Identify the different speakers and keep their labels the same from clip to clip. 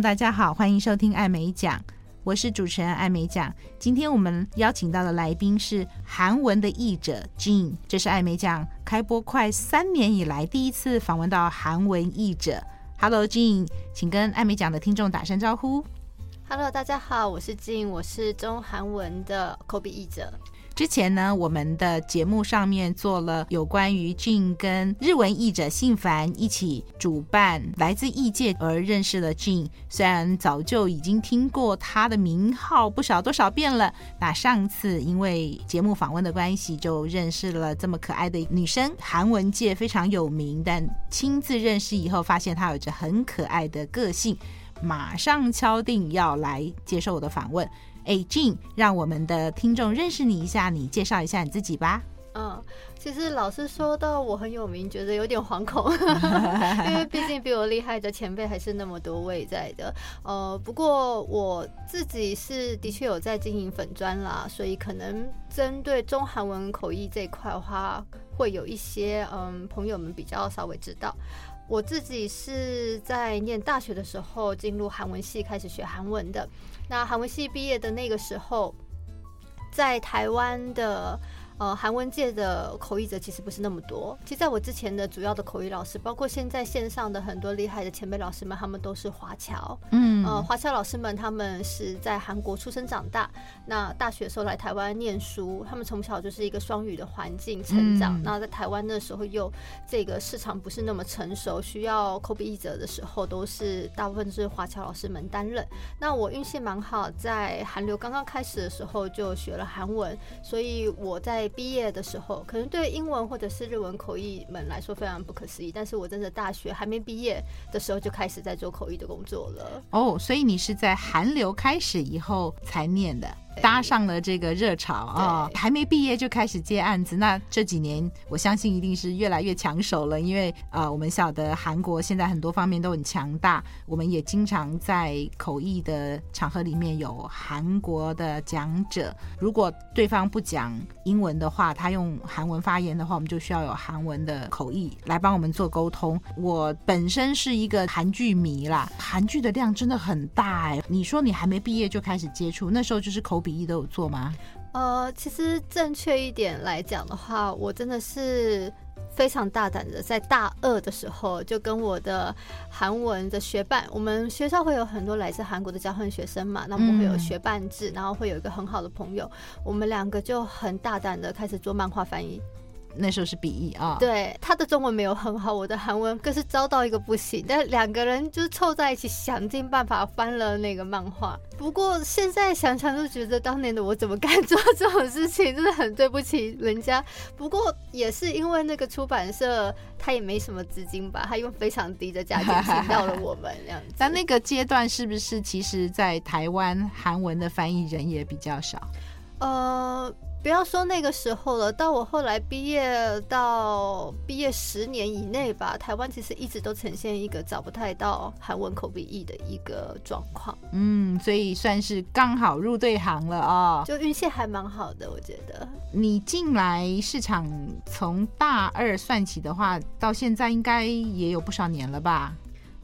Speaker 1: 大家好，歡迎收聽艾美講，我是主持人艾美講。今天我們邀請到的來賓是韓文的譯者 Gin，這是艾美講開播快三年以來第一次訪問到韓文譯者。Hello，Gin，請跟艾美講的聽眾打聲招呼。Hello，
Speaker 2: 大家好，我是 Gin，我是中韓文的口筆譯者。
Speaker 1: 之前呢，我們的節目上面做了有關於 Gin 跟日文譯者信繁一起主辦，來自異界而認識了 Gin，雖然早就已經聽過他的名號不少多少遍了。那上次因為節目訪問的關係，就認識了這麼可愛的女生，韓文界非常有名，但親自認識以後，發現她有着很可愛的個性，馬上敲定要來接受我的訪問。哎、hey、，Gin，讓我們的聽眾認識你一下，你介紹一下你自己吧。
Speaker 2: 嗯，其實老師說到我很有名，覺得有點惶恐， 因為畢竟比我厲害的前輩還是那麼多位在的。呃，不過我自己是的確有在經營粉專啦，所以可能針對中韓文口譯這一塊的話，會有一些嗯朋友們比較稍微知道。我自己是在念大學的時候進入韓文系，開始學韓文的。那韓文系畢業的那個時候，在台灣的。呃，韓文界的口譯者其實不是那麼多。其實在我之前的主要的口譯老師，包括現在線上的很多厲害的前輩老師們，他們都是華僑。嗯，呃，華僑老師們他們是在韓國出生長大。那大學時候來台灣念書，他們從小就是一個雙語的環境成長。嗯、那在台灣的時候，又這個市場不是那麼成熟，需要口筆譯者的時候，都是大部分是華僑老師們擔任。那我運氣蠻好，在韓流剛剛開始的時候就學了韓文，所以我在。畢業的時候，可能對英文或者是日文口譯們來說非常不可思議，但是我真的大學還沒畢業的時候就開始在做口譯的工作了。
Speaker 1: 哦，oh, 所以你是在韓流開始以後才念的？搭上了這個熱潮啊！哦、對還沒畢業就開始接案子，那這幾年我相信一定是越來越搶手了。因為啊、呃，我們曉得韓國現在很多方面都很強大，我們也經常在口譯的場合裡面有韓國的講者。如果對方不講英文的話，他用韓文發言的話，我們就需要有韓文的口譯來幫我們做溝通。我本身是一個韓劇迷啦，韓劇的量真的很大哎、欸。你說你還沒畢業就開始接觸，那時候就是口。都有做嗎？
Speaker 2: 呃，其實正確一點來講的話，我真的是非常大膽的，在大二的時候就跟我的韓文的學伴，我們學校會有很多來自韓國的交換學生嘛，那我們會有學伴制，嗯、然後會有一個很好的朋友，我們兩個就很大膽的開始做漫畫翻譯。
Speaker 1: 那時候是筆譯啊，哦、對，
Speaker 2: 他的中文沒有很好，我的韓文更是遭到一個不行。但兩個人就是湊在一起，想盡辦法翻了那個漫畫。不過現在想想，都覺得當年的我怎麼敢做這種事情，真的很對不起人家。不過也是因為那個出版社他也沒什麼資金吧，他用非常低的價錢請到了我們這樣
Speaker 1: 子。那 那個階段是不是其實在台灣韓文的翻譯人也比較少？
Speaker 2: 呃。不要說那個時候了，到我後來畢業到畢業十年以內吧，台灣其實一直都呈現一個找不太到韓文口筆譯的一個狀況。
Speaker 1: 嗯，所以算是剛好入對行了啊、哦，就
Speaker 2: 運氣還蠻好的，我覺得。
Speaker 1: 你進來市場從大二算起的話，到現在應該也有不少年了吧？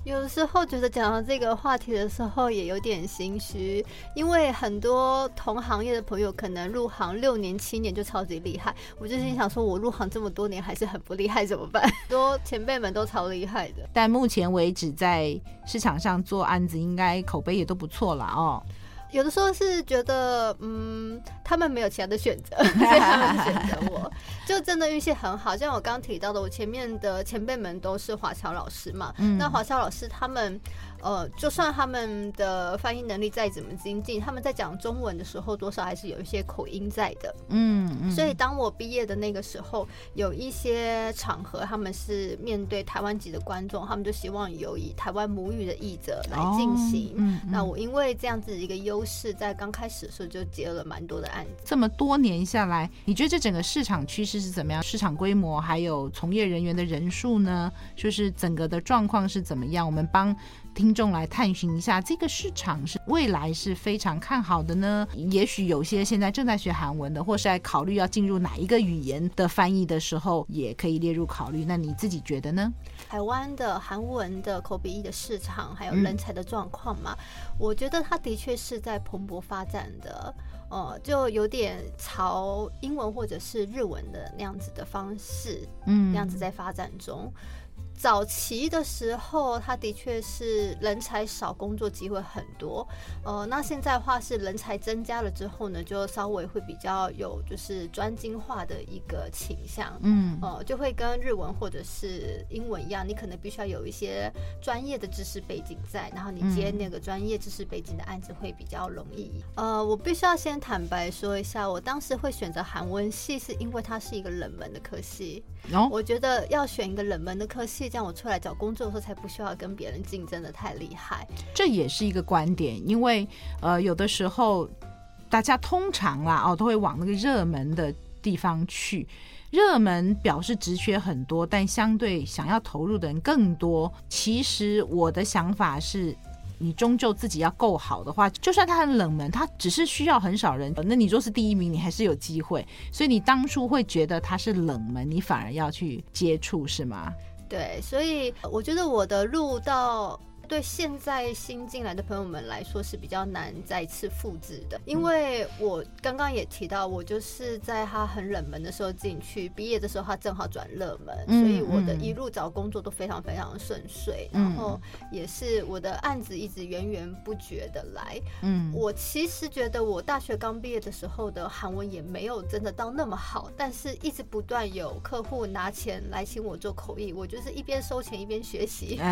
Speaker 2: 有的時候覺得講到這個話題的時候也有點心虛，因為很多同行業的朋友可能入行六年七年就超級厲害，我就心想說，我入行這麼多年還是很不厲害，怎麼辦？多前輩們都超厲害的，
Speaker 1: 但目前為止在市場上做案子應該口碑也都不錯了哦。
Speaker 2: 有的時候是覺得，嗯，他們沒有其他的選擇，他們選擇我 就真的運氣很好。像我剛剛提到的，我前面的前輩們都是華僑老師嘛，嗯、那華僑老師他們。呃，就算他們的翻譯能力再怎麼精進，他們在講中文的時候，多少還是有一些口音在的。嗯，嗯，所以當我畢業的那個時候，有一些場合他們是面對台灣籍的觀眾，他們就希望有以台灣母語的譯者來進行。哦，嗯，嗯，那我因為這樣子一個優勢，在剛開始的時候就接了蠻多的案
Speaker 1: 子。這麼多年下來，你覺得這整個市場趨勢是怎麼樣？市場規模還有從業人員的人數呢？就是整個的狀況是怎麼樣？我們幫。聽眾來探尋一下，這個市場是未來是非常看好的呢？也許有些現在正在學韓文的，或是在考慮要進入哪一個語言的翻譯的時候，也可以列入考慮。那你自己覺得呢？
Speaker 2: 台灣的韓文的口筆譯的市場，還有人才的狀況嘛？嗯、我覺得它的確是在蓬勃發展的，呃，就有點朝英文或者是日文的那樣子的方式，嗯，那樣子在發展中。早期的時候，他的確是人才少，工作機會很多。呃，那現在的話是人才增加了之後呢，就稍微會比較有就是專精化的一個傾向。嗯，哦，就會跟日文或者是英文一樣，你可能必須要有一些專業的知識背景在，然後你接那個專業知識背景的案子會比較容易。呃，我必須要先坦白說一下，我當時會選擇韓文系，是因為它是一個冷門的科系。Oh? 我覺得要選一個冷門的科系。這樣我出來找工作的時候才不需要跟別人競爭得太厲害。
Speaker 1: 這也是一個觀點，因為呃，有的時候大家通常啦哦，都會往那個熱門的地方去。熱門表示職缺很多，但相對想要投入的人更多。其實我的想法是，你終究自己要夠好的話，就算他很冷門，他只是需要很少人，那你若是第一名，你還是有機會。所以你當初會覺得他是冷門，你反而要去接觸，是嗎？
Speaker 2: 對，所以我覺得我的路到，對現在新進來的朋友們來說是比較難再次複制的，因為我剛剛也提到，我就是在他很冷門的時候進去，畢業的時候他正好轉熱門，嗯、所以我的一路找工作都非常非常順遂，嗯、然後也是我的案子一直源源不絕的來。嗯，我其實覺得我大學剛畢業的時候的韓文也沒有真的到那麼好，但是一直不斷有客戶拿錢來請我做口譯，我就是一邊收錢一邊學習，嗯、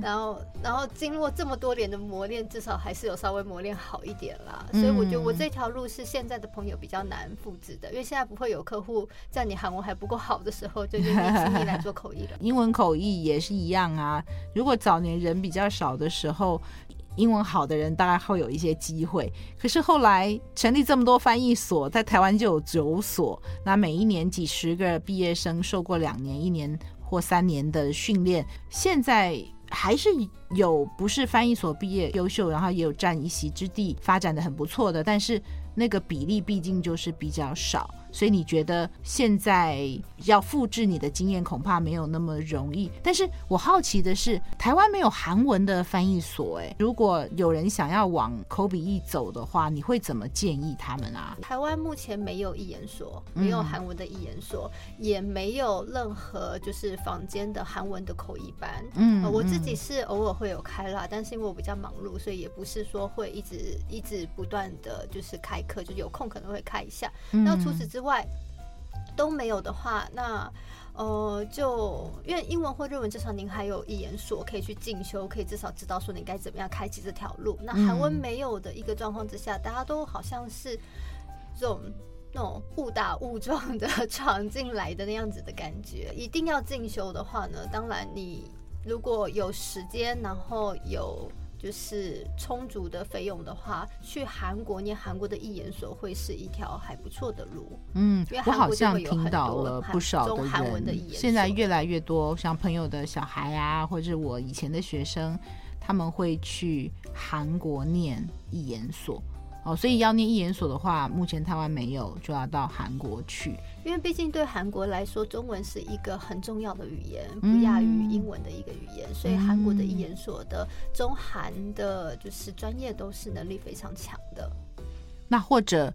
Speaker 2: 呃，然後。然後經過這麼多年的磨練，至少還是有稍微磨練好一點啦。嗯，所以我覺得我這條路是現在的朋友比較難複製的，因為現在不會有客戶在你韓文還不夠好的時候就就請你來做口譯了。
Speaker 1: 英文口譯也是一樣啊。如果早年人比較少的時候，英文好的人大概會有一些機會。可是後來成立這麼多翻譯所，在台灣就有九所，那每一年幾十個畢業生受過兩年、一年或三年的訓練，現在。還是有不是翻譯所畢業優秀，然後也有占一席之地發展得很不錯的，但是那個比例畢竟就是比較少。所以你覺得現在要複製你的經驗恐怕沒有那麼容易。但是我好奇的是，台灣沒有韓文的翻譯所，哎，如果有人想要往口筆譯走的話，你會怎麼建議他們啊？台
Speaker 2: 灣目前沒有譯研所，沒有韓文的譯研所，嗯、也沒有任何就是坊間的韓文的口譯班。嗯、嗯、呃，我自己是偶爾會有開啦，但是因為我比較忙碌，所以也不是說會一直一直不斷的就是開課，就有空可能會開一下。那、嗯、除此之外，之外都沒有的話，那呃，就因為英文或日文，至少您還有研究所可以去進修，可以至少知道說你該怎麼樣開啟這條路。那韓文沒有的一個狀況之下，嗯、大家都好像是這種那種誤打誤撞的闖進來的那樣子的感覺。一定要進修的話呢，當然你如果有時間，然後有。就是充足的費用的話，去韓國念韓國的語言所會是一條還不錯的路。嗯，我好像聽到了不少的人，韓文的
Speaker 1: 現在越來越多像朋友的小孩啊，或者是我以前的學生，他們會去韓國念語言所。哦，所以要念譯研所的話，目前台灣沒有，就要到韓國去。因為畢竟
Speaker 2: 對韓國來說，中文是一個很重要的語言，不亞於英文的一個語言，嗯、所以韓國的譯研所的，嗯、中韓的，就是專業都是能力非常強
Speaker 1: 的。那或者，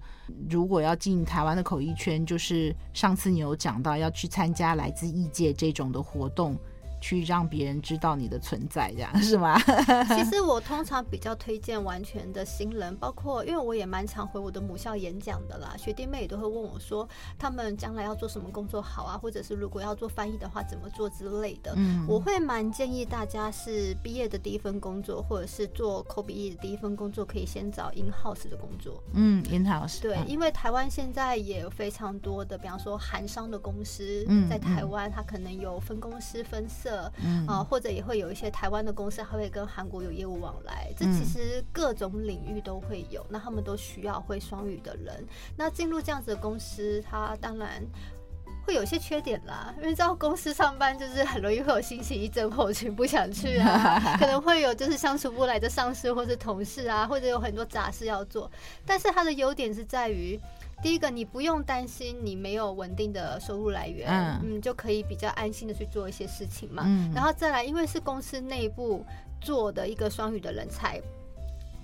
Speaker 1: 如果要進台灣的口譯圈，就是上次你有講到要去參加來自異界這種的活動。去讓別人知道你的存在，這樣是嗎？ 其
Speaker 2: 實我通常比較推薦完全的新人，包括因為我也蠻常回我的母校演講的啦，學弟妹也都會問我說，他們將來要做什麼工作好啊，或者是如果要做翻譯的話怎麼做之類的。嗯，我會蠻建議大家是畢業的第一份工作，或者是做口筆譯的第一份工作，可以先找 in house 的工作。
Speaker 1: 嗯，in house。對，啊、因為
Speaker 2: 台灣現在也有非常多的，比方說韓商的公司、嗯、在台灣，它可能有分公司分。嗯、啊，或者也會有一些台灣的公司，還會跟韓國有業務往來。這其實各種領域都會有，那他們都需要會雙語的人。那進入這樣子的公司，他當然會有些缺點啦，因為到公司上班就是很容易會有心情一振後群不想去啊，可能會有就是相處不來的上司或是同事啊，或者有很多雜事要做。但是它的優點是在於。第一個，你不用擔心你沒有穩定的收入來源，你、嗯嗯、就可以比較安心的去做一些事情嘛。嗯、然後再來，因為是公司內部做的一個雙語的人才。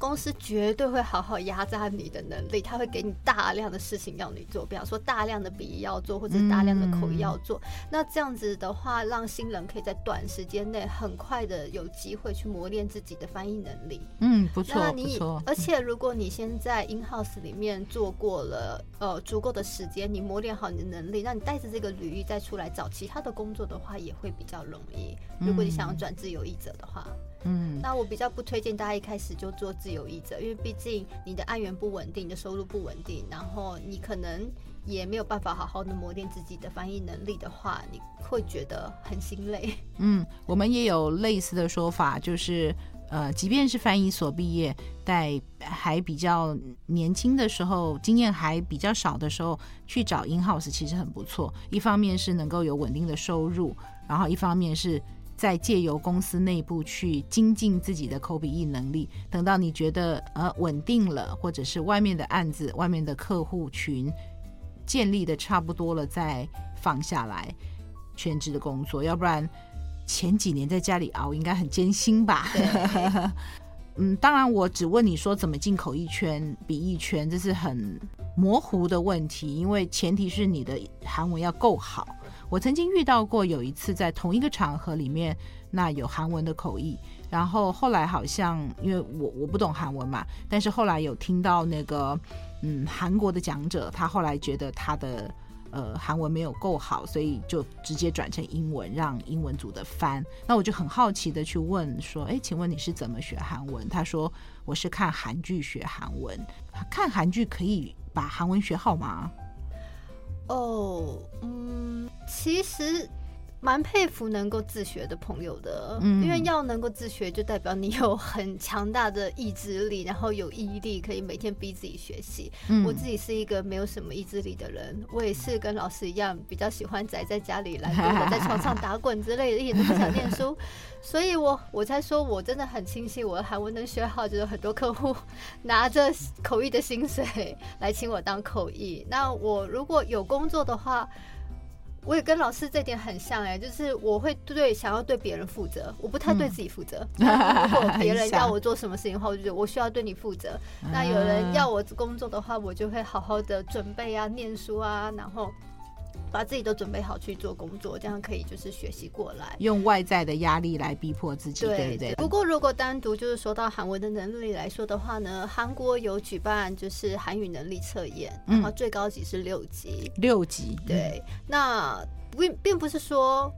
Speaker 2: 公司絕對會好好壓榨你的能力，他會給你大量的事情，要你做，比方說大量的筆譯要做，或者是大量的口譯要做。嗯、那這樣子的話，讓新人可以在短時間內很快的有機會去磨練自己的翻譯能力。嗯，
Speaker 1: 不錯。那你不錯，而
Speaker 2: 且如果你先在 in house 裡面做過了，嗯、呃，足夠的時間，你磨練好你的能力，讓你帶着這個履歷再出來找其他的工作的話，也會比較容易。如果你想要轉自由譯者的話。嗯嗯，那我比較不推薦大家一開始就做自由譯者，因為畢竟你的案源不穩定，你的收入不穩定，然後你可能也沒有辦法好好的磨練自己的翻譯能力的話，你會覺得很心累。
Speaker 1: 嗯，我們也有類似的說法，就是呃，即便是翻譯所畢業，在還比較年輕的時候，經驗還比較少的時候，去找 In House 其實很不錯，一方面是能夠有穩定的收入，然後一方面是。再借由公司內部去精進自己的口筆譯能力，等到你覺得呃穩定了，或者是外面的案子、外面的客戶群建立得差不多了，再放下來全職的工作。要不然前幾年在家裡熬，應該很艱辛吧？對 嗯，當然我只問你說怎麼進口譯圈、筆譯圈，這是很模糊的問題，因為前提是你的韓文要夠好。我曾經遇到過有一次在同一個場合裡面，那有韓文的口譯，然後後來好像因為我我不懂韓文嘛，但是後來有聽到那個嗯韓國的講者，他後來覺得他的呃韓文沒有夠好，所以就直接轉成英文讓英文組的翻。那我就很好奇的去問說，誒，請問你是怎麼學韓文？他說，我是看韓劇學韓文，看韓劇可以把韓文學好嗎？
Speaker 2: 哦，oh, 嗯，其實。蠻佩服能夠自學的朋友的，嗯，因為要能夠自學，就代表你有很強大的意志力，然後有毅力，可以每天逼自己學習。嗯，我自己是一個沒有什麼意志力的人，我也是跟老師一樣，比較喜歡宅在家裡來，懶懶的在床上打滾之類的，一點都不想念書， 所以我我才說我真的很慶幸我韓文能學好，就是很多客戶拿着口譯的薪水來請我當口譯。那我如果有工作的話。我也跟老師這點很像哎、欸，就是我會對想要對別人負責，我不太對自己負責。嗯、如果別人要我做什麼事情的話， 我就覺得我需要對你負責。那有人要我工作的話，嗯、我就會好好的準備啊，念書啊，然後。把自己都準備好去做工作，這樣可以就是學習過來。
Speaker 1: 用外在的壓力來逼迫自己，對，對不對？不
Speaker 2: 過如果單獨就是說到韓文的能力來說的話呢，韓國有舉辦就是韓語能力測驗，嗯，然後最高級是六級。
Speaker 1: 六級，對。嗯，
Speaker 2: 那並，並不是說。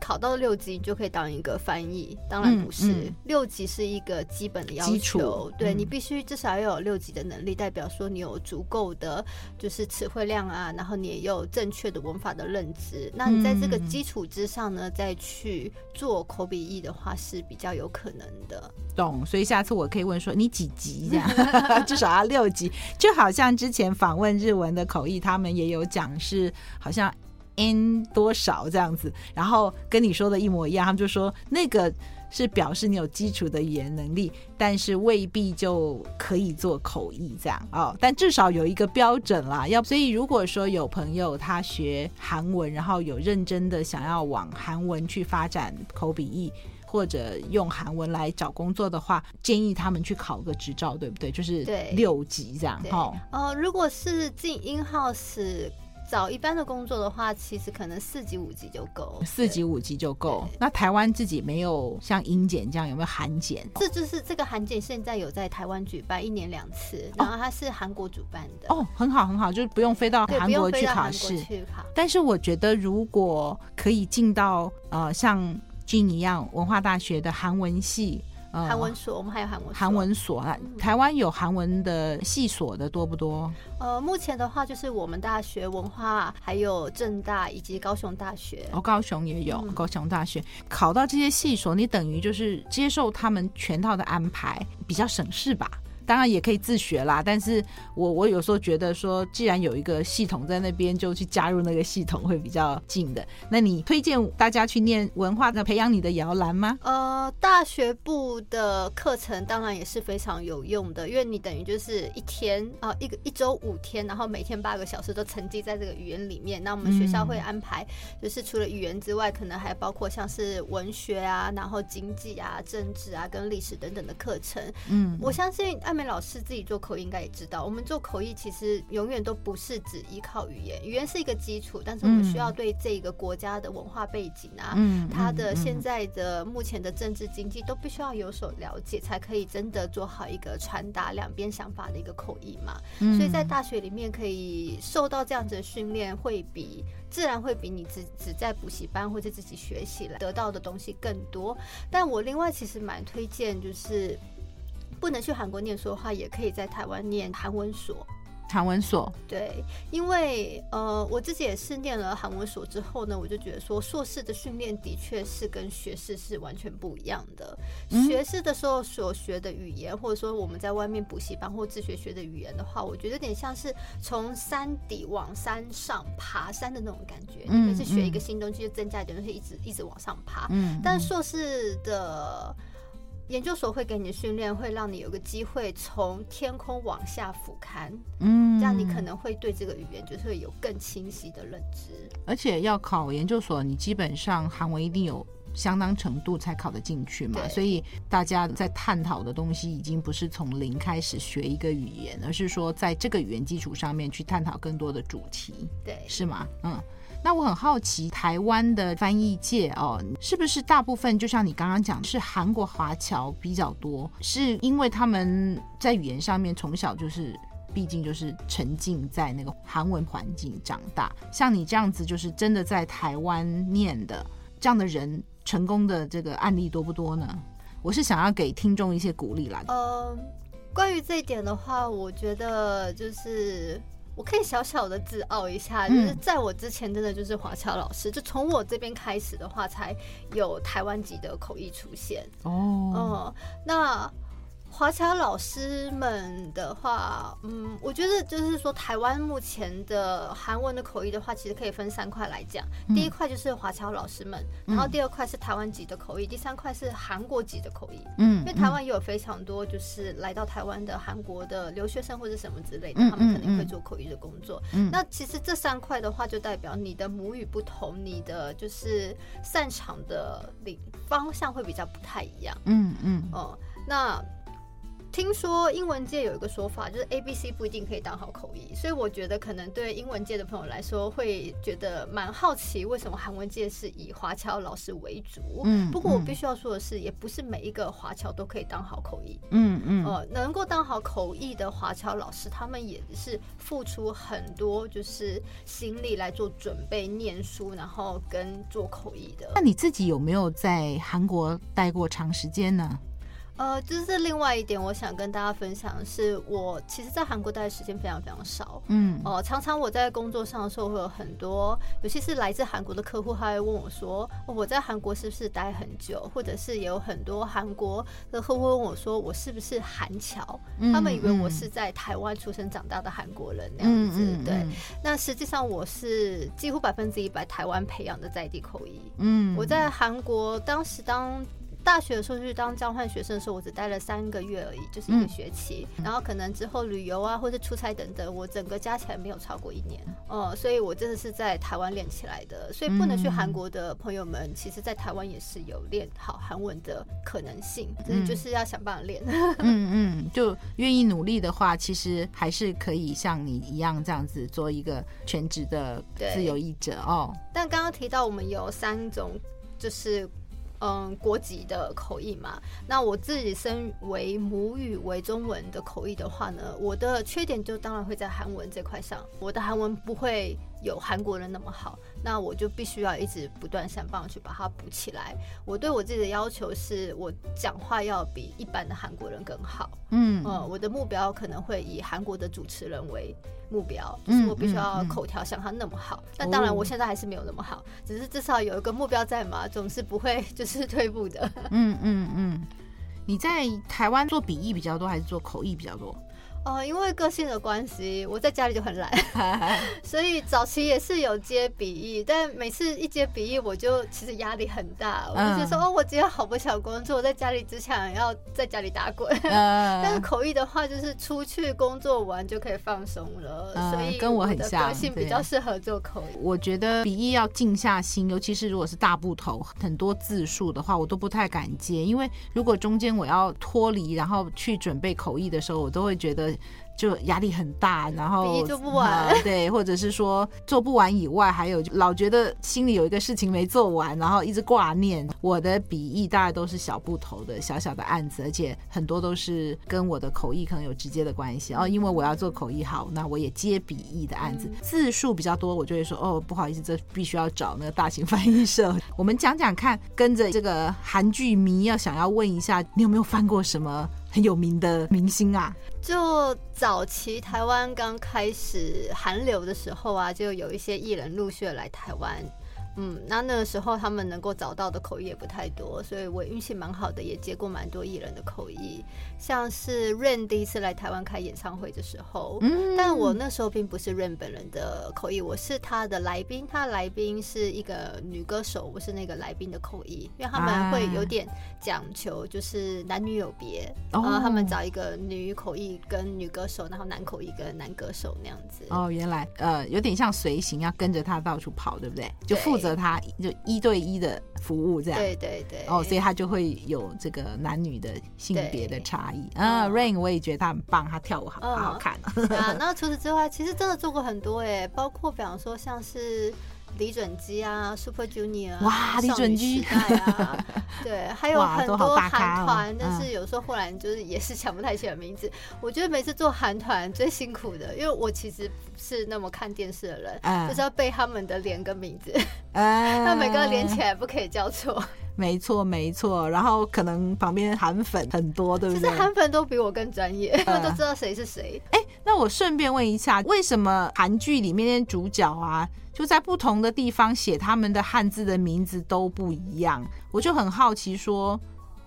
Speaker 2: 考到六級，你就可以當一個翻譯，當然不是。嗯嗯、六級是一個基本的要求，基礎對、嗯、你必須至少要有六級的能力，代表說你有足夠的就是詞彙量啊，然後你也有正確的文法的認知。那你在這個基礎之上呢，嗯、再去做口筆譯的話是比較有可能的。
Speaker 1: 懂，所以下次我可以問說你幾級這樣， 至少要六級。就好像之前訪問日文的口譯，他們也有講是好像。n 多少這樣子，然後跟你說的一模一樣，他們就說那個是表示你有基礎的語言能力，但是未必就可以做口譯這樣哦。但至少有一個標準啦，要所以如果說有朋友他學韓文，然後有認真的想要往韓文去發展口筆譯，或者用韓文來找工作的話，建議他們去考個執照，對不對？就是對六級這樣。哦，
Speaker 2: 呃，如果是進 in house 是。找一般的工作的話，其實可能四級五級就夠。
Speaker 1: 四級五級就夠。對那台灣自己沒有像英檢這樣，有沒有韓檢？這、
Speaker 2: 哦、就是這個韓檢現在有在台灣舉辦，一年兩次，哦、然後它是韓國主辦的。
Speaker 1: 哦，很好很好，就是不用飛到韓國去考試。不用飛到韓國去考。但是我覺得，如果可以進到呃像 Gin 一樣文化大學的韓文系。韓文
Speaker 2: 所，哦、我們還有韓文韓
Speaker 1: 文所啊。台灣有韓文的系所的多不多？
Speaker 2: 呃，目前的話，就是我們大學文化，還有政大以及高雄大學，
Speaker 1: 哦、高雄也有、嗯、高雄大學。考到這些系所，你等於就是接受他們全套的安排，比較省事吧。當然也可以自學啦，但是我我有時候覺得說，既然有一個系統在那邊，就去加入那個系統會比較近的。那你推薦大家去念文化的培養你的搖籃嗎？呃，
Speaker 2: 大學部的課程當然也是非常有用的，因為你等於就是一天啊、呃，一個一周五天，然後每天八個小時都沉浸在這個語言裡面。那我們學校會安排，嗯、就是除了語言之外，可能還包括像是文學啊，然後經濟啊、政治啊、跟歷史等等的課程。嗯，我相信老師自己做口譯應該也知道，我們做口譯其實永遠都不是只依靠語言，語言是一個基礎，但是我們需要對這一個國家的文化背景啊，嗯、它的現在的目前的政治經濟都必須要有所了解，才可以真的做好一個傳達兩邊想法的一個口譯嘛。嗯、所以在大學裡面可以受到這樣子的訓練，會比自然會比你只只在補習班或者自己學習來得到的東西更多。但我另外其實蠻推薦就是。不能去韓國念書的話，也可以在台灣念韓文所。
Speaker 1: 韓文所，
Speaker 2: 對，因為呃，我自己也是念了韓文所之後呢，我就覺得說，碩士的訓練的確是跟學士是完全不一樣的。嗯、學士的時候所學的語言，或者說我們在外面補習班或自學學的語言的話，我覺得有點像是從山底往山上爬山的那種感覺，就、嗯嗯、是學一個新東西就增加一點東西，就是、一直一直往上爬。嗯，嗯但碩士的。研究所會給你的訓練，會讓你有個機會從天空往下俯瞰，嗯，這樣你可能會對這個語言就是會有更清晰的認知。
Speaker 1: 而且要考研究所，你基本上韓文一定有相當程度才考得進去嘛，對，所以大家在探討的東西已經不是從零開始學一個語言，而是說在這個語言基礎上面去探討更多的主題，對，是嗎？嗯。那我很好奇，台灣的翻譯界哦，是不是大部分就像你剛剛講，是韓國華僑比較多？是因為他們在語言上面從小就是，畢竟就是沉浸在那個韓文環境長大。像你這樣子，就是真的在台灣念的這樣的人，成功的這個案例多不多呢？我是想要給聽眾一些鼓勵啦。嗯，呃，
Speaker 2: 關於這一點的話，我覺得就是。我可以小小的自傲一下，就是在我之前，真的就是韓僑老師，嗯、就從我這邊開始的話，才有台灣籍的口譯出現哦。嗯、那。華僑老師們的話，嗯，我覺得就是說，台灣目前的韓文的口譯的話，其實可以分三塊來講。第一塊就是華僑老師們，然後第二塊是台灣籍的口譯，第三塊是韓國籍的口譯。嗯，因為台灣也有非常多就是來到台灣的韓國的留學生或者什麼之類的，他們肯定會做口譯的工作。嗯，那其實這三塊的話，就代表你的母語不同，你的就是擅長的領方向會比較不太一樣。嗯嗯，哦，嗯嗯，那。聽說英文界有一個說法，就是 ABC 不一定可以當好口譯，所以我覺得可能對英文界的朋友來說會覺得蠻好奇，為什麼韓文界是以華僑老師為主？嗯，嗯，不過我必須要說的是，也不是每一個華僑都可以當好口譯。嗯嗯，嗯呃，能夠當好口譯的華僑老師，他們也是付出很多，就是心力來做準備、念書，然後跟做口譯的。那你
Speaker 1: 自己有沒有在韓國待過長時間呢？
Speaker 2: 呃，就是這另外一點，我想跟大家分享的是，我其實，在韓國待的時間非常非常少。嗯，哦、呃，常常我在工作上的時候會有很多，尤其是來自韓國的客戶，他會問我說：“哦、我在韓國是不是待很久？”或者是也有很多韓國的客戶問我說：“我是不是韓僑？”嗯、他們以為我是在台灣出生長大的韓國人那樣子。嗯、對，嗯嗯、那實際上我是幾乎百分之一百台灣培養的在地口譯。嗯，我在韓國當時當。大學的時候就是當交換學生的時候，我只待了三個月而已，就是一個學期。嗯嗯、然後可能之後旅遊啊，或者出差等等，我整個加起來沒有超過一年。哦、嗯，所以我真的是在台灣練起來的，所以不能去韓國的朋友們，嗯、其實在台灣也是有練好韓文的可能性，嗯、是就是要想辦法練。嗯嗯，
Speaker 1: 就願意努力的話，其實還是可以像你一樣這樣子做一個全職的自由譯者對哦。但
Speaker 2: 剛剛提到我們有三種，就是。嗯，國籍的口譯嘛，那我自己身為母語為中文的口譯的話呢，我的缺點就當然會在韓文這塊上，我的韓文不會。有韓國人那麼好，那我就必須要一直不斷想辦法去把它補起來。我對我自己的要求是，我講話要比一般的韓國人更好。嗯，呃，我的目標可能會以韓國的主持人為目標，就是我必須要口條像他那麼好。嗯嗯嗯、但當然，我現在還是沒有那麼好，哦、只是至少有一個目標在嘛，總是不會就是退步的。嗯
Speaker 1: 嗯嗯，你在台灣做筆譯比較多，還是做口譯比較多？
Speaker 2: 哦，因為個性的關係，我在家裡就很懶， 所以早期也是有接筆譯，但每次一接筆譯，我就其實壓力很大，我就說、嗯、哦，我今天好不想工作，我在家裡只想要在家裡打滾。嗯、但是口譯的話，就是出去工作完就可以放鬆了，嗯、所以我跟我很像，個性比較適
Speaker 1: 合做口譯。啊、我覺得筆譯要靜下心，尤其是如果是大部頭、很多字數的話，我都不太敢接，因為如果中間我要脫離，然後去準備口譯的時候，我都會覺得，就壓力很大，然後筆譯做不完、嗯，對，或者是說做不完以外，還有老覺得心裡有一個事情沒做完，然後一直掛念。我的筆譯大概都是小部頭的小小的案子，而且很多都是跟我的口譯可能有直接的關係。哦，因為我要做口譯好，那我也接筆譯的案子，嗯、字數比較多，我就會說哦，不好意思，這必須要找那個大型翻譯社。我們講講看，跟着這個韓劇迷要想要問一下，你有沒有翻過什麼？很有名的明星啊，就早期
Speaker 2: 台灣剛開始韓流的時候啊，就有一些藝人陸續來台灣。嗯，那那個時候他們能夠找到的口譯也不太多，所以我運氣蠻好的，也接過蠻多藝人的口譯，像是 Rain 第一次來台灣開演唱會的時候，嗯，但我那時候並不是 Rain 本人的口譯，我是他的來賓，他來賓是一個女歌手，我是那個來賓的口譯，因為他們會有點講求，就是男女有別，啊、然後他們找一個女口譯跟女歌手，然後男口譯跟男歌手那樣子。哦，
Speaker 1: 原來呃，有點像隨行，要跟着他到處跑，對不對？就負責。他就一對一的服務這樣，對對對，哦，所以他就會有這個男女的性別的差異啊。對 uh, Rain，我也覺得他很棒，他跳舞好好看。哦、 啊，
Speaker 2: 那除此之外，其實真的做過很多哎、欸，包括比方說像是。李準基啊，Super Junior，啊哇，李準基，啊、 對，還有很多韓團，哦、但是有時候忽然就是也是想不太起來名字。嗯、我覺得每次做韓團最辛苦的，因為我其實不是那麼看電視的人，嗯、就是要背他們的臉跟名字，
Speaker 1: 那、嗯、每個連起
Speaker 2: 來不可以叫錯、嗯嗯。
Speaker 1: 沒錯沒錯，然後可能旁邊韓粉很多，對不對？其實韓
Speaker 2: 粉都比我更專業，嗯、他們都知道誰是誰。欸
Speaker 1: 那我順便問一下，為什麼韓劇裡面的主角啊，就在不同的地方寫他們的漢字的名字都不一樣？我就很好奇說。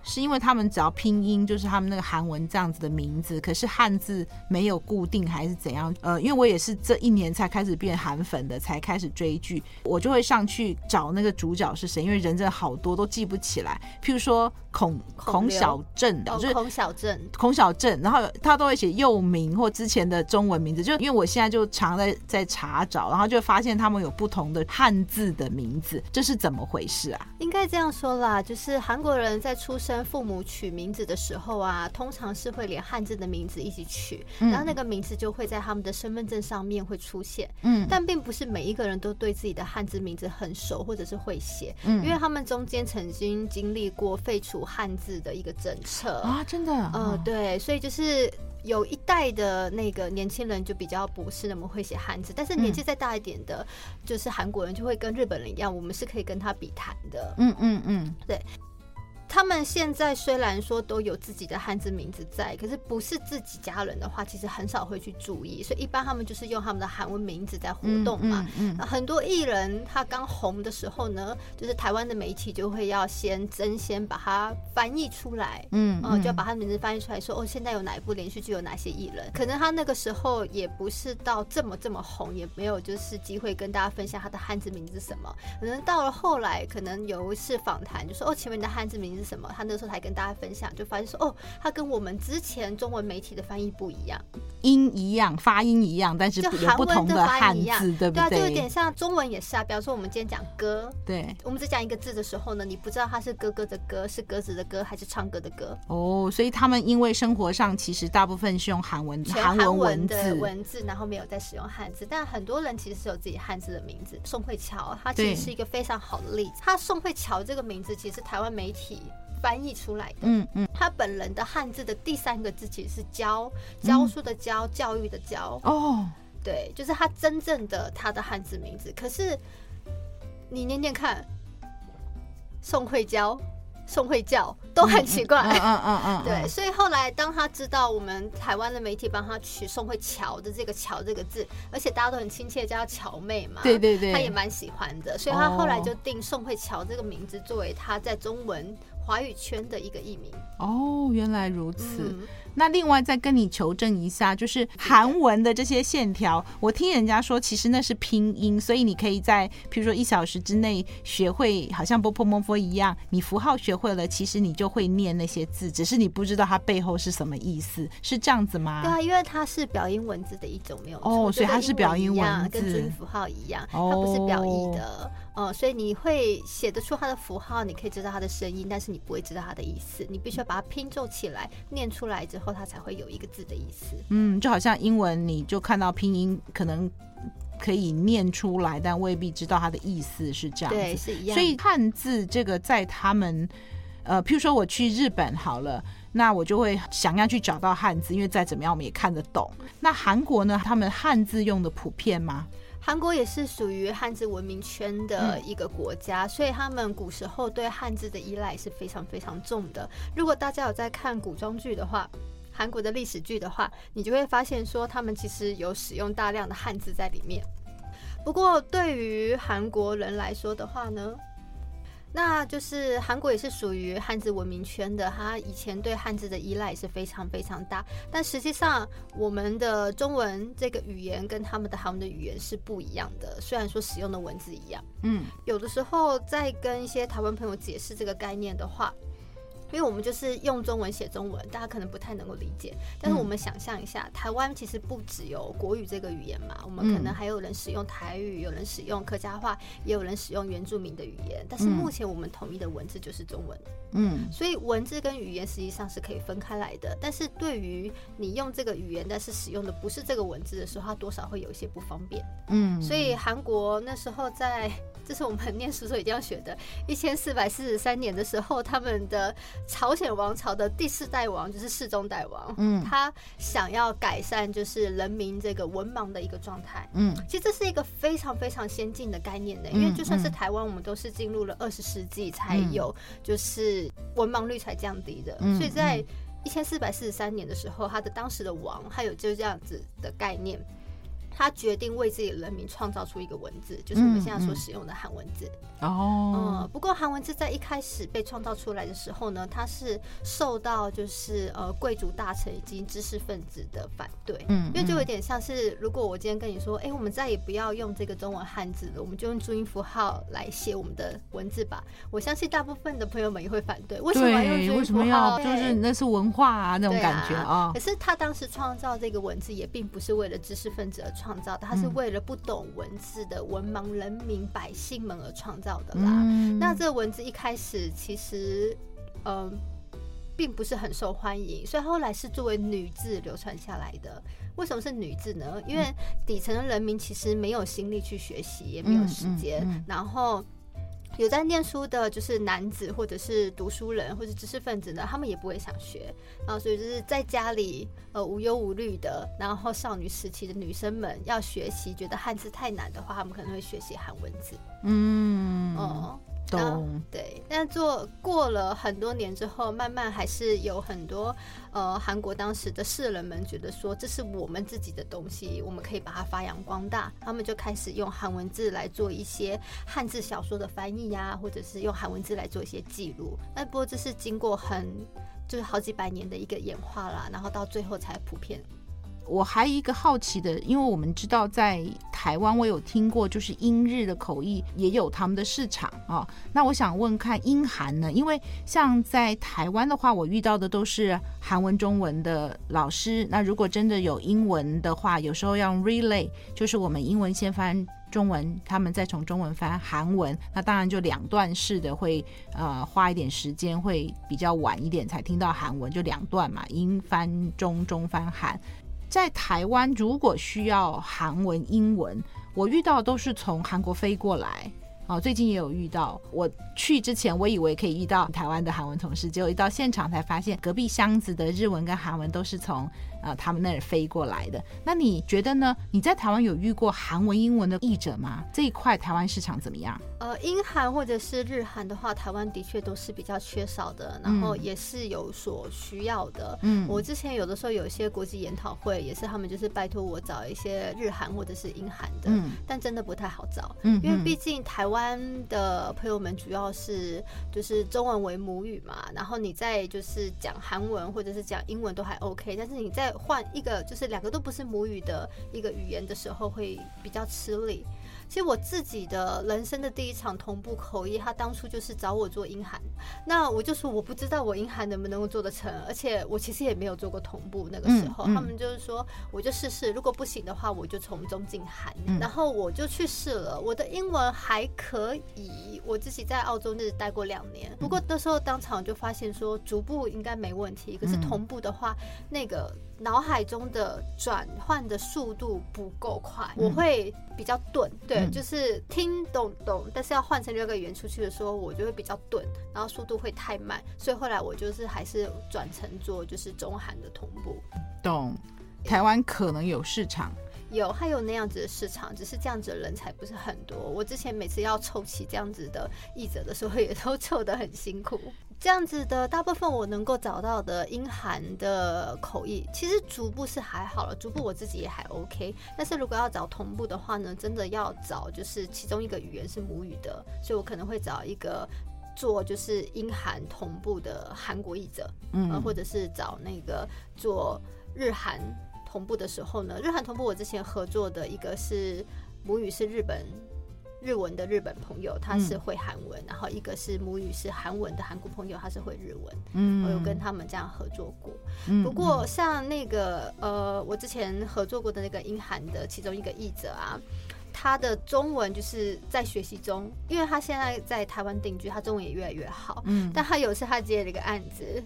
Speaker 1: 是因為他們只要拼音，就是他們那個韓文這樣子的名字，可是漢字沒有固定還是怎樣？呃，因為我也是這一年才開始變韓粉的，才開始追劇，我就會上去找那個主角是誰，因為人真的好多都記不起來。譬如說孔孔曉振，劉就是
Speaker 2: 孔曉振，
Speaker 1: 孔曉振，然後他都會寫幼名或之前的中文名字，就因為我現在就常在在查找，然後就發現他們有不同的漢字的名字，這是怎麼回事啊？
Speaker 2: 應該這樣說啦，就是韓國人在出生，生父母取名字的時候啊，通常是會連漢字的名字一起取，嗯、然後那個名字就會在他們的身份證上面會出現。嗯，但並不是每一個人都對自己的漢字名字很熟或者是會寫，嗯、因為他們中間曾經經歷過廢除漢字的一個政策啊，真的。嗯、呃，對，所以就是有一代的那個年輕人就比較不是那麼會寫漢字，但是年紀再大一點的，嗯、就是韓國人就會跟日本人一樣，我們是可以跟他筆談的。嗯嗯嗯，嗯嗯對。他們現在雖然說都有自己的漢字名字在，可是不是自己家人的話，其實很少會去注意。所以一般他們就是用他們的韓文名字在互動嘛。嗯，嗯，嗯。很多藝人他剛紅的時候呢，就是台灣的媒體就會要先爭先把他翻譯出來。嗯。啊、嗯嗯，就要把他的名字翻譯出來說，說哦，現在有哪一部連續劇，有哪些藝人？可能他那個時候也不是到這麼這麼紅，也沒有就是機會跟大家分享他的漢字名字是什麼。可能到了後來，可能有一次訪談，就說哦，前面你的漢字名字。是什麼？他那個時候才跟大家分享，就發現說，哦，他跟我們之前中文媒體的翻譯不一樣，
Speaker 1: 音一樣，發音一樣，但是有不同的漢字，就韓文的發音一樣，對不對？對啊，就有點
Speaker 2: 像中文也是啊。比如說我們今天講“歌”，對，我們只講一個字的時候呢，你不知道他是哥哥的“哥”，是鴿子的“鴿”，還是唱歌
Speaker 1: 的“歌”。哦，所以他們因為生活上其實大部分是用韓文，韓文文字，全韓文的
Speaker 2: 文字，然後沒有在使用漢字。但很多人其實是有自己漢字的名字，宋慧喬，他其實是一個非常好的例子。對他宋慧喬這個名字，其實台灣媒體。翻譯出來的，嗯嗯，嗯，他本人的漢字的第三個字其實是“教”，教書的“教”，嗯、教育的“教”。哦，對，就是他真正的他的漢字名字。可是你念念看，“宋慧嬌”、“宋慧教”都很奇怪，嗯嗯嗯 對，所以後來當他知道我們台灣的媒體幫他取“宋慧喬”的這個“喬”這個字，而且大家都很親切叫他“喬妹”嘛，對對對，他也蠻喜歡的，所以他後來就定“宋慧喬”這個名字作為他在中文。華語圈的一個譯名。
Speaker 1: 哦，原來如此。嗯、那另外再跟你求證一下，就是韓文的這些線條，我聽人家說其實那是拼音，所以你可以在，譬如說一小時之內學會，好像波潑摸佛一樣，你符號學會了，其實你就會念那些字，只是你不知道它背後是什麼意思，是這樣子嗎？對啊，
Speaker 2: 因為它是表音文字的一種，沒有錯，哦，所以它是表音文字，跟字符號一樣。哦、它不是表意的。哦，所以你會寫得出它的符號，你可以知道它的聲音，但是你不會知道它的意思。你必須要把它拼湊起來，念出來之後，它才會有一個字的意思。
Speaker 1: 嗯，就好像英文，你就看到拼音，可能可以念出來，但未必知道它的意思是這樣。對，是一樣。所以漢字這個，在他們呃，譬如說我去日本好了，那我就會想要去找到漢字，因為再怎麼樣我們也看得懂。那韓國呢？他們漢字用的普遍嗎？
Speaker 2: 韓國也是屬於漢字文明圈的一個國家，所以他們古時候對漢字的依賴是非常非常重的。如果大家有在看古裝劇的話，韓國的歷史劇的話，你就會發現說他們其實有使用大量的漢字在裡面。不過對於韓國人來說的話呢，那就是韓國也是屬於漢字文明圈的，它以前對漢字的依賴也是非常非常大。但實際上，我們的中文這個語言跟他們的韓文的語言是不一樣的，雖然說使用的文字一樣。嗯，有的時候在跟一些台灣朋友解釋這個概念的話。因為我們就是用中文寫中文，大家可能不太能夠理解。但是我們想象一下，嗯、台灣其實不只有國語這個語言嘛，我們可能還有人使用台語，嗯、有人使用客家話，也有人使用原住民的語言。但是目前我們統一的文字就是中文，嗯，所以文字跟語言實際上是可以分開來的。但是對於你用這個語言，但是使用的不是這個文字的時候，它多少會有一些不方便，嗯。所以韓國那時候在。這是我們念書時候一定要學的。一千四百四十三年的時候，他們的朝鮮王朝的第四代王就是世宗大王，嗯，他想要改善就是人民這個文盲的一個狀態，嗯，其實這是一個非常非常先進的概念的，因為就算是台灣，我們都是進入了二十世紀才有就是文盲率才降低的，嗯嗯、所以在一千四百四十三年的時候，他的當時的王還有就這樣子的概念。他決定為自己的人民創造出一個文字，就是我們現在所使用的韓文字。
Speaker 1: 嗯嗯、哦，不
Speaker 2: 過韓文字在一開始被創造出來的時候呢，它是受到就是呃貴族大臣以及知識分子的反對。嗯。因為就有點像是，如果我今天跟你說，哎、欸，我們再也不要用這個中文漢字了，我們就用注音符號來寫我們的文字吧。我相信大部分的朋友們也會反對。為什麼用注音符號？就是那
Speaker 1: 是文化啊，那種感覺啊。哦、可
Speaker 2: 是他當時創造這個文字，也並不是為了知識分子而創。創造的，它是為了不懂文字的文盲人民百姓們而創造的啦。嗯、那這個文字一開始其實，嗯、呃，並不是很受歡迎，所以後來是作為女字流傳下來的。為什麼是女字呢？因為底層的人民其實沒有心力去學習，也沒有時間，嗯嗯嗯、然後。有在念書的，就是男子或者是讀書人或者知識分子呢，他們也不會想學。然後啊，所以就是在家裡，呃，無憂無慮的。然後，少女時期的女生們要學習，覺得漢字太難的話，他們可能會學習韓文字。嗯，哦、嗯。對，但做過了很多年之後，慢慢還是有很多呃韓國當時的世人們覺得說這是我們自己的東西，我們可以把它發揚光大。他們就開始用韓文字來做一些漢字小說的翻譯呀、啊，或者是用韓文字來做一些記錄。那不過這是經過很就是好幾百年的一個演化啦，然後到最後才普遍。
Speaker 1: 我還有一個好奇的，因為我們知道在台灣，我有聽過就是英日的口譯也有他們的市場啊、哦。那我想問，看英韓呢？因為像在台灣的話，我遇到的都是韓文中文的老師。那如果真的有英文的話，有時候要 relay，就是我們英文先翻中文，他們再從中文翻韓文。那當然就兩段式的會，會呃花一點時間，會比較晚一點才聽到韓文，就兩段嘛，英翻中，中翻韓。在台灣，如果需要韓文、英文，我遇到的都是從韓國飛過來，哦。最近也有遇到。我去之前，我以為可以遇到台灣的韓文同事，結果一到現場才發現，隔壁箱子的日文跟韓文都是從。啊、呃，他們那裡飛過來的，那你覺得呢？你在台灣有遇過韓文、英文的譯者嗎？這一塊台灣市場怎麼樣？
Speaker 2: 呃，英韓或者是日韓的話，台灣的確都是比較缺少的，然後也是有所需要的。嗯，我之前有的時候有一些國際研討會，嗯、也是他們就是拜託我找一些日韓或者是英韓的，嗯、但真的不太好找。嗯哼，因為畢竟台灣的朋友們主要是就是中文為母語嘛，然後你在就是講韓文或者是講英文都還 OK，但是你在換一個，就是兩個都不是母語的一個語言的時候，會比較吃力。其實我自己的人生的第一場同步口譯，他當初就是找我做英韓，那我就說我不知道我英韓能不能夠做得成，而且我其實也沒有做過同步。那個時候，嗯嗯、他們就是說我就試試，如果不行的話，我就從中進韓。嗯、然後我就去試了，我的英文還可以，我自己在澳洲是待過兩年。不過那時候當場就發現說，逐步應該沒問題，可是同步的話，那個腦海中的轉換的速度不夠快，嗯、我會比較鈍，對。就是聽懂懂，但是要換成六個語言出去的時候，我就會比較鈍，然後速度會太慢，所以後來我就是還是轉成做就是中韓的同步。
Speaker 1: 懂，台灣可能有市場，
Speaker 2: 有還有那樣子的市場，只是這樣子的人才不是很多。我之前每次要湊齊這樣子的譯者的時候，也都湊得很辛苦。這樣子的大部分我能夠找到的英韓的口譯，其實逐步是還好了，逐步我自己也還 OK。但是如果要找同步的話呢，真的要找就是其中一個語言是母語的，所以我可能會找一個做就是英韓同步的韓國譯者，嗯，或者是找那個做日韓同步的時候呢，日韓同步我之前合作的一個是母語是日本。日文的日本朋友，他是會韓文；嗯、然後一個是母語是韓文的韓國朋友，他是會日文。我、嗯、有跟他們這樣合作過。嗯、不過像那個呃，我之前合作過的那個英韓的其中一個譯者啊，他的中文就是在學習中，因為他現在在台灣定居，他中文也越來越好。嗯、但他有時候，他接了一個案子，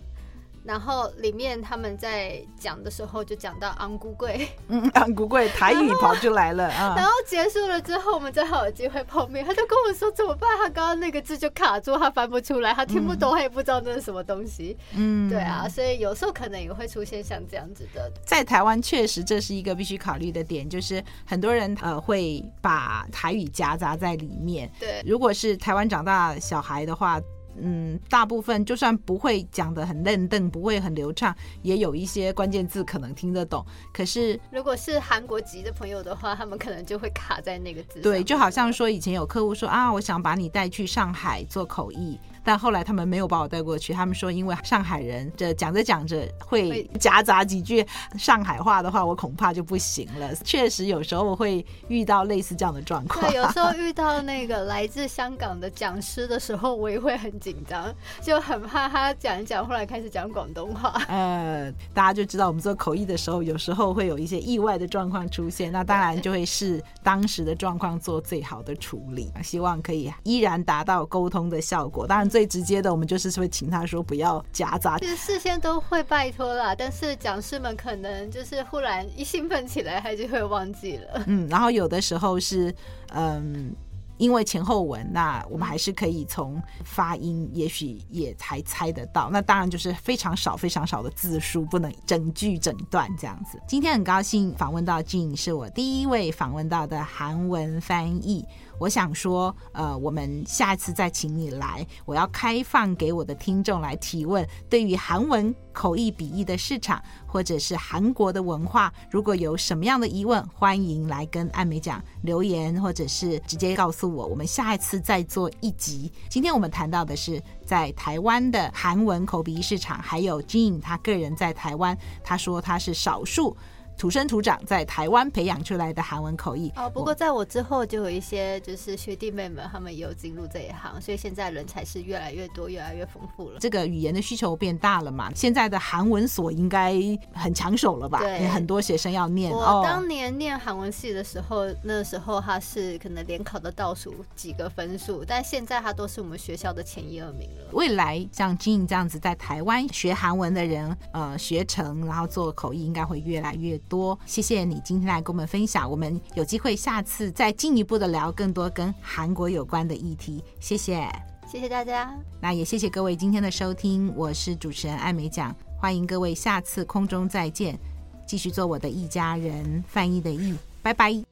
Speaker 2: 然後裡面他們在講的時候，就講到“昂咕貴”，嗯，“
Speaker 1: 昂咕貴”台語跑出來了啊。 然
Speaker 2: 後結束了之後，我們再好有機會碰面，他就跟我說：“怎麼辦？他剛剛那個字就卡住，他翻不出來，他聽不懂，嗯、他也不知道那是什麼東西。”
Speaker 1: 嗯，對啊，
Speaker 2: 所以有時候可能也會出現像這樣子的。
Speaker 1: 在台灣，確實這是一個必須考慮的點，就是很多人呃會把台語夾雜在裡面。對，如果是台灣長大小孩的話。嗯，大部分就算不會講得很認真，不會很流暢，也有一些關鍵字可能聽得懂。可是，
Speaker 2: 如果是韓國籍的朋友的話，他們可能就會卡在那個字上。對，就
Speaker 1: 好像說，以前有客戶說啊，我想把你帶去上海做口譯。但後來他們沒有把我帶過去，他們說因為上海人這講着講着會夾雜幾句上海話的話，我恐怕就不行了。確實有時候我會遇到類似這樣的狀況。對，有時候
Speaker 2: 遇到那個來自香港的講師的時候，我也會很緊張，就很怕他講一講，後來開始講廣
Speaker 1: 東話。呃，大家就知道我們做口譯的時候，有時候會有一些意外的狀況出現，那當然就會視當時的狀況做最好的處理，對希望可以依然達到溝通的效果。當然。最直接的，我們就是會請他說不要夾雜，其實事先
Speaker 2: 都會拜托啦。但是講師們可能就是忽然一興奮起來，他就會忘記了。
Speaker 1: 嗯，然後有的時候是嗯，因為前後文，那我們還是可以從發音也許也才猜得到。那當然就是非常少非常少的字數，不能整句整段這樣子。今天很高興訪問到 Gin，是我第一位訪問到的韓文翻譯。我想說，呃，我們下一次再請你來。我要開放給我的聽眾來提問。對於韓文口譯筆譯的市場，或者是韓國的文化，如果有什麼樣的疑問，歡迎來跟艾美講留言，或者是直接告訴我。我們下一次再做一集。今天我們談到的是在台灣的韓文口筆譯市場，還有 Gin 他個人在台灣，他說他是少數。土生土長在台灣培養出來的韓文口譯哦，不過
Speaker 2: 在我之後就有一些就是學弟妹們，他們也有進入這一行，所以現在人才是越來越多，越來越豐富了。這
Speaker 1: 個語言的需求變大了嘛？現在的韓文所應該很搶手了吧？對，很多學生要念。我當
Speaker 2: 年念韓文系的時候，哦、那時候他是可能聯考的倒數幾個分數，但現在他都是我們學校的前一二名
Speaker 1: 了。未來像 Gin 這樣子，在台灣學韓文的人，呃，學成然後做口譯，應該會越來越多。多謝謝你今天來跟我們分享，我們有機會下次再進一步的聊更多跟韓國有關的議題。謝謝，謝謝大家，那也謝謝各位今天的收聽，我是主持人艾美講，歡迎各位下次空中再見，繼續做我的譯家人翻譯的譯，拜拜。